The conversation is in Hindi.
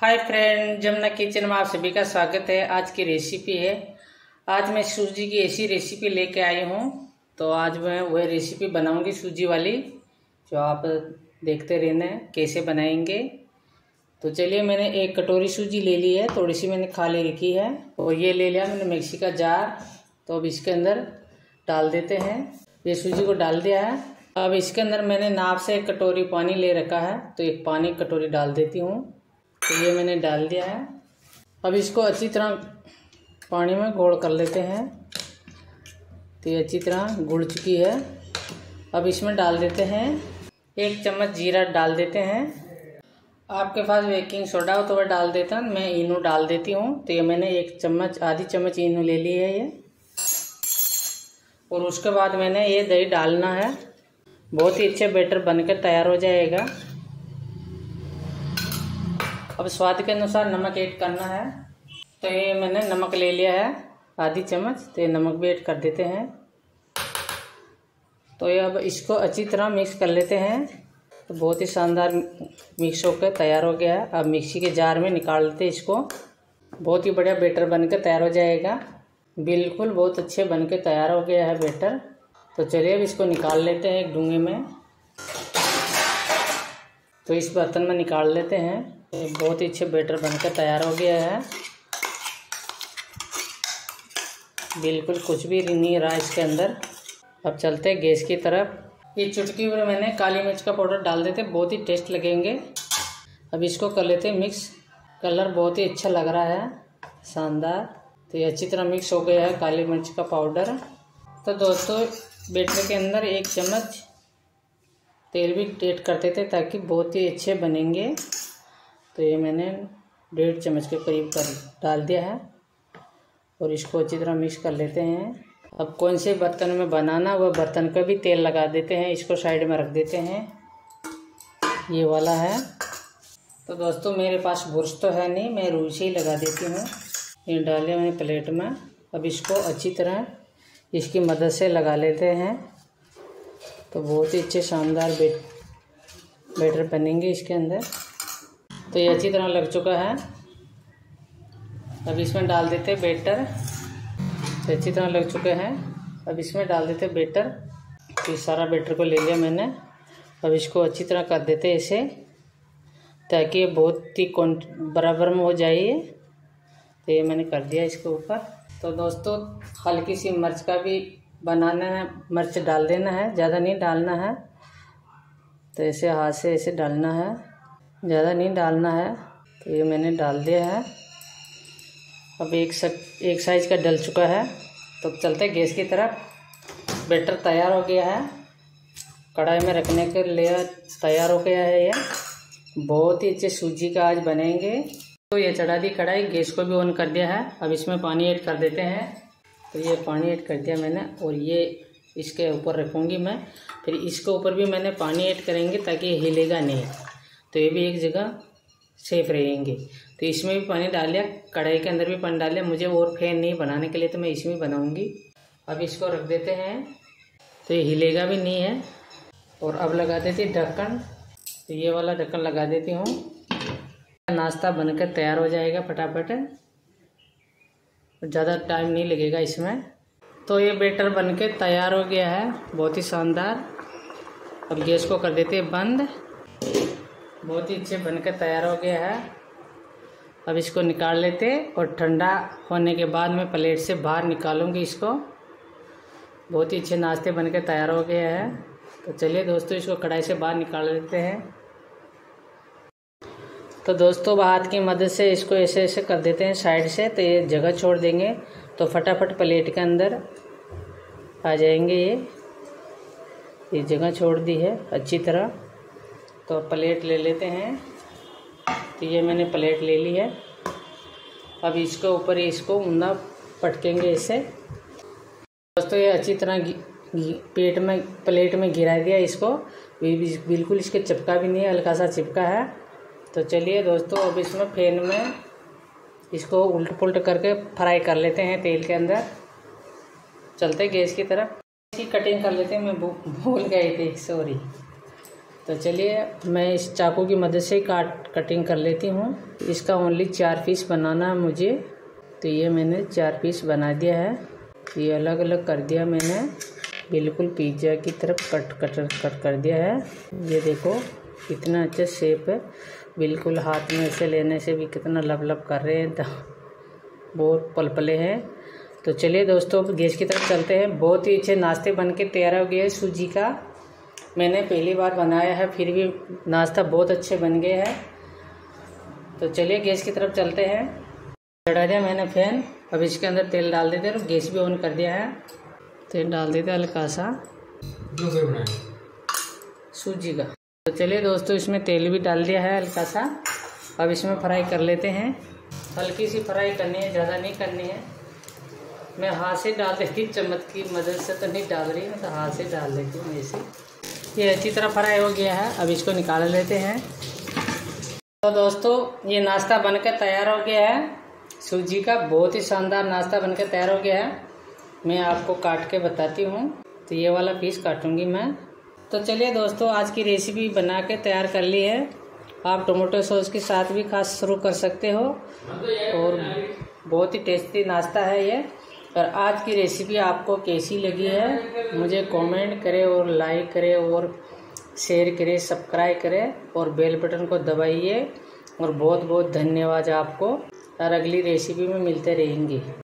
हाय फ्रेंड जमुना किचन में आप सभी का स्वागत है आज की रेसिपी है आज मैं सूजी की ऐसी रेसिपी लेके आई हूँ तो आज मैं वह रेसिपी बनाऊंगी सूजी वाली जो आप देखते रहने कैसे बनाएंगे तो चलिए मैंने एक कटोरी सूजी ले ली है थोड़ी सी मैंने खाली रखी है और ये ले लिया मैंने मिक्सी का जार तो अब इसके अंदर डाल देते हैं ये सूजी को डाल दिया है अब इसके अंदर मैंने नाप से एक कटोरी पानी ले रखा है तो एक पानी कटोरी डाल देती हूँ तो ये मैंने डाल दिया है अब इसको अच्छी तरह पानी में घोल कर लेते हैं तो ये अच्छी तरह घुल चुकी है अब इसमें डाल देते हैं एक चम्मच जीरा डाल देते हैं आपके पास बेकिंग सोडा हो तो वह डाल देता हूँ मैं इनू डाल देती हूँ तो ये मैंने एक चम्मच आधी चम्मच इनू ले ली है ये और उसके बाद मैंने ये दही डालना है बहुत ही अच्छे बेटर बनकर तैयार हो जाएगा अब स्वाद के अनुसार नमक ऐड करना है तो ये मैंने नमक ले लिया है आधी चम्मच तो ये नमक भी ऐड कर देते हैं तो ये अब इसको अच्छी तरह मिक्स कर लेते हैं तो बहुत ही शानदार मिक्स होकर तैयार हो गया है अब मिक्सी के जार में निकाल लेते हैं इसको बहुत ही बढ़िया बेटर बनकर तैयार हो जाएगा बिल्कुल बहुत अच्छे बन के तैयार हो गया है बेटर तो चलिए अब इसको निकाल लेते हैं एक डूंगे में तो इस बर्तन में निकाल लेते हैं ये बहुत ही अच्छे बेटर बनकर तैयार हो गया है बिल्कुल कुछ भी नहीं रहा इसके अंदर अब चलते हैं गैस की तरफ ये चुटकी पर मैंने काली मिर्च का पाउडर डाल देते बहुत ही टेस्ट लगेंगे अब इसको कर लेते मिक्स कलर बहुत ही अच्छा लग रहा है शानदार तो ये अच्छी तरह मिक्स हो गया है काली मिर्च का पाउडर तो दोस्तों बेटर के अंदर एक चम्मच तेल भी टेट करते थे ताकि बहुत ही अच्छे बनेंगे तो ये मैंने डेढ़ चम्मच के करीब कर डाल दिया है और इसको अच्छी तरह मिक्स कर लेते हैं अब कौन से बर्तन में बनाना वह बर्तन का भी तेल लगा देते हैं इसको साइड में रख देते हैं ये वाला है तो दोस्तों मेरे पास बुरश तो है नहीं मैं रूई से ही लगा देती हूँ ये डाले मैंने प्लेट में अब इसको अच्छी तरह इसकी मदद से लगा लेते हैं तो बहुत ही अच्छे शानदार बेट बेटर बनेंगे इसके अंदर तो ये अच्छी तरह लग चुका है अब इसमें डाल देते बेटर तो अच्छी तरह लग चुके हैं अब इसमें डाल देते बेटर तो सारा बेटर को ले लिया मैंने अब इसको अच्छी तरह कर देते इसे ताकि बहुत ही बराबर में हो जाए तो ये मैंने कर दिया इसके ऊपर तो दोस्तों हल्की सी मिर्च का भी बनाना है मिर्च डाल देना है ज़्यादा नहीं डालना है तो ऐसे हाथ से ऐसे डालना है ज़्यादा नहीं डालना है तो ये मैंने डाल दिया है अब एक सा, एक साइज़ का डल चुका है तो चलते गैस की तरफ बैटर तैयार हो गया है कढ़ाई में रखने के लिए तैयार हो गया है ये बहुत ही अच्छे सूजी का आज बनेंगे तो ये चढ़ा दी कढ़ाई गैस को भी ऑन कर दिया है अब इसमें पानी ऐड कर देते हैं तो ये पानी ऐड कर दिया मैंने और ये इसके ऊपर रखूँगी मैं फिर इसके ऊपर भी मैंने पानी ऐड करेंगे ताकि हिलेगा नहीं तो ये भी एक जगह सेफ रहेंगे तो इसमें भी पानी डाल लिया कढ़ाई के अंदर भी पानी डाल लिया मुझे और फैन नहीं बनाने के लिए तो मैं इसमें बनाऊँगी अब इसको रख देते हैं तो ये हिलेगा भी नहीं है और अब लगा देती ढक्कन तो ये वाला ढक्कन लगा देती हूँ नाश्ता बनकर तैयार हो जाएगा फटाफट ज़्यादा टाइम नहीं लगेगा इसमें तो ये बेटर बनके तैयार हो गया है बहुत ही शानदार अब गैस को कर देते हैं बंद बहुत ही अच्छे बनकर तैयार हो गया है अब इसको निकाल लेते और ठंडा होने के बाद मैं प्लेट से बाहर निकालूंगी इसको बहुत ही अच्छे नाश्ते बनकर तैयार हो गया है तो चलिए दोस्तों इसको कढ़ाई से बाहर निकाल लेते हैं तो दोस्तों हाथ की मदद से इसको ऐसे ऐसे कर देते हैं साइड से तो ये जगह छोड़ देंगे तो फटाफट प्लेट के अंदर आ जाएंगे ये ये जगह छोड़ दी है अच्छी तरह तो प्लेट ले लेते हैं तो ये मैंने प्लेट ले ली है अब इसके ऊपर इसको ऊंधा पटकेंगे इससे दोस्तों ये अच्छी तरह पेट में प्लेट में गिरा दिया इसको बिल्कुल इसके चिपका भी नहीं है हल्का सा चिपका है तो चलिए दोस्तों अब इसमें फैन में इसको उल्ट पुलट करके फ्राई कर लेते हैं तेल के अंदर चलते गैस की तरफ इसकी कटिंग कर लेते हैं मैं भूल गई थी सॉरी तो चलिए मैं इस चाकू की मदद से काट कटिंग कर लेती हूँ इसका ओनली चार पीस बनाना है मुझे तो ये मैंने चार पीस बना दिया है ये अलग अलग कर दिया मैंने बिल्कुल पिज्ज़ा की तरफ कट कट कट कर दिया है ये देखो कितना अच्छा शेप है बिल्कुल हाथ में से लेने से भी कितना लब लब कर रहे हैं बहुत पलपले हैं तो चलिए दोस्तों गैस की तरफ चलते हैं बहुत ही अच्छे नाश्ते बन के तैयार हो गया है सूजी का मैंने पहली बार बनाया है फिर भी नाश्ता बहुत अच्छे बन गए हैं तो चलिए गैस की तरफ चलते हैं चढ़ा दिया मैंने फैन अब इसके अंदर तेल डाल देते और गैस भी ऑन कर दिया है तेल डाल देते हल्का सा सूजी का तो चलिए दोस्तों इसमें तेल भी डाल दिया है हल्का सा अब इसमें फ्राई कर लेते हैं हल्की सी फ्राई करनी है ज़्यादा नहीं करनी है मैं हाथ से डाल देती चम्मच की मदद से तो नहीं डाल रही मैं तो हाथ से डाल देती हूँ ऐसे ये अच्छी तरह फ्राई हो गया है अब इसको निकाल लेते हैं तो दोस्तों ये नाश्ता बनकर तैयार हो गया है सूजी का बहुत ही शानदार नाश्ता बनकर तैयार हो गया है मैं आपको काट के बताती हूँ तो ये वाला पीस काटूँगी मैं तो चलिए दोस्तों आज की रेसिपी बना के तैयार कर ली है आप टोमेटो सॉस के साथ भी खा शुरू कर सकते हो और बहुत ही टेस्टी नाश्ता है ये पर आज की रेसिपी आपको कैसी लगी है मुझे कमेंट करें और लाइक करें और शेयर करें सब्सक्राइब करें और बेल बटन को दबाइए और बहुत बहुत धन्यवाद आपको और अगली रेसिपी में मिलते रहेंगे